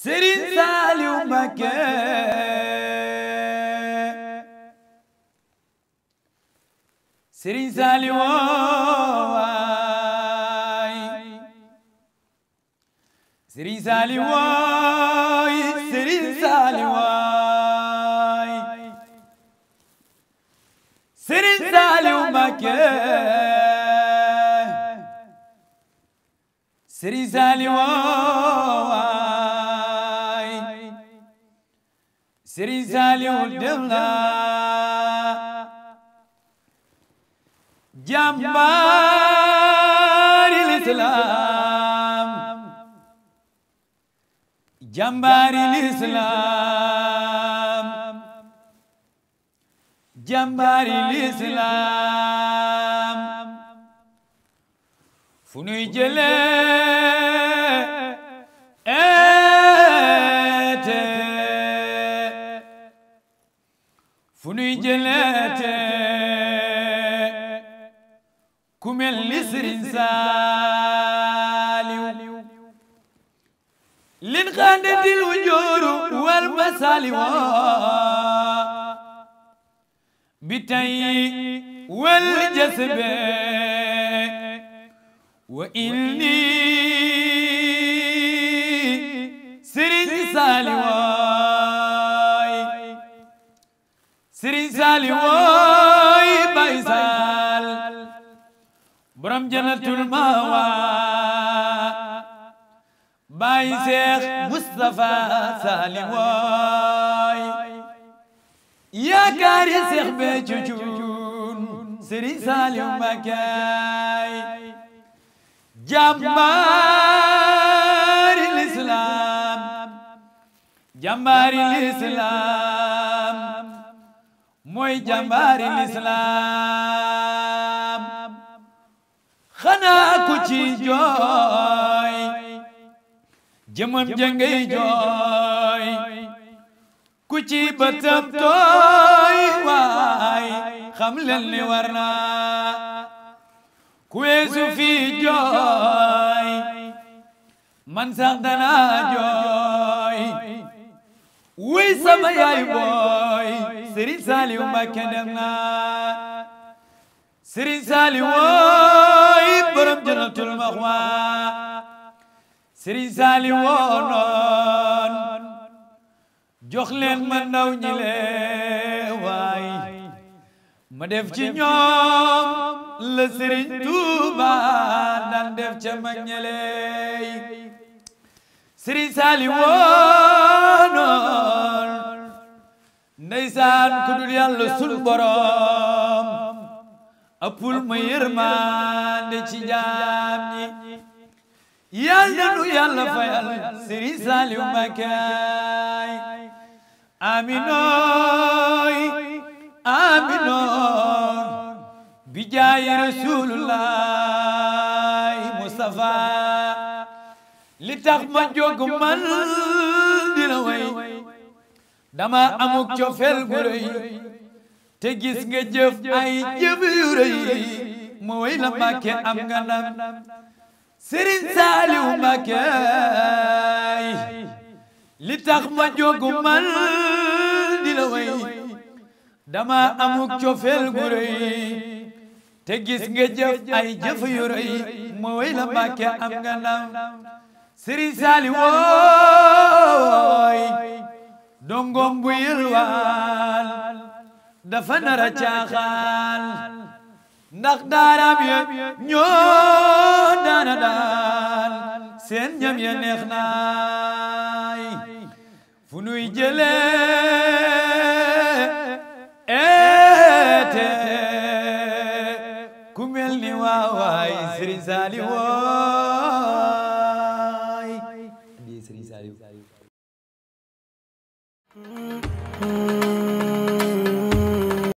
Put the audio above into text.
Sëriñ Saaliw Mbakke Sëriñ Saaliw waay Sëriñ Saaliw waay Sëriñ Saaliw waay Sëriñ Saaliw Mbakke Sëriñ Saaliw waay Sëriñ Saaliw def la jàmbaari lislaam fu nuy jële eete fu nuy jëleete ku mel ni Sëriñ Saaliw lin xaandatil wu jooru wal basali wa bi tay wal jasbe wa inni Serigne Saliou waay Serigne Saliou waay Baye Sal borom jannatul mawa Baye Cheikh Moustapha Saliou waay yaakaari Cheikh Béthio Thioune Serigne Saliou Mbacké jàmbaari lislaam jàmbaari lislaam mooy jàmbaari lislaam xanaa ku ci jooy jëmam jëngay jooy ku ci bëtam tooy waay xam leen ni war naa ku weesu fii jooy man sax danaa jooy wuy sama yaay booy Serigne Saliou Mbacké dem na Serigne Saliou wooy borom janatul maxwa Serigne Saliou woo noon jox leen ma ndaw ñi le waay ma def ci ñoom la sëriñ Tuuba daan def ca mag ñeley Saali woonoon ndeysaan ku dul yàlla sun borom apul ma yërmande ci jaam ñi yàlla nu yàlla fayal sëriñ Saali Mbàkke ay aminoon المؤمنون بجاي رسول الله مصطفى لتخ ما jóg man dina way dama amuk cofeel gu te gis nga ay jëf yu rëy mu la Mbàkke am nga ndam Sëriñ Saaliw Mbàkke li tax ma jóg man dina dama amuk cofeel gu te gis nga ay jëf yu ma way la Mbàkke am nga ndam Sëriñ Saali wooy dongom bu yëlwaan dafa nara caaxaan ndax daaraam ya ñoo daana daan seen ñam ya neex naay fu nuy jëlee